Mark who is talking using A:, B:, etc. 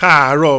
A: káàárọ̀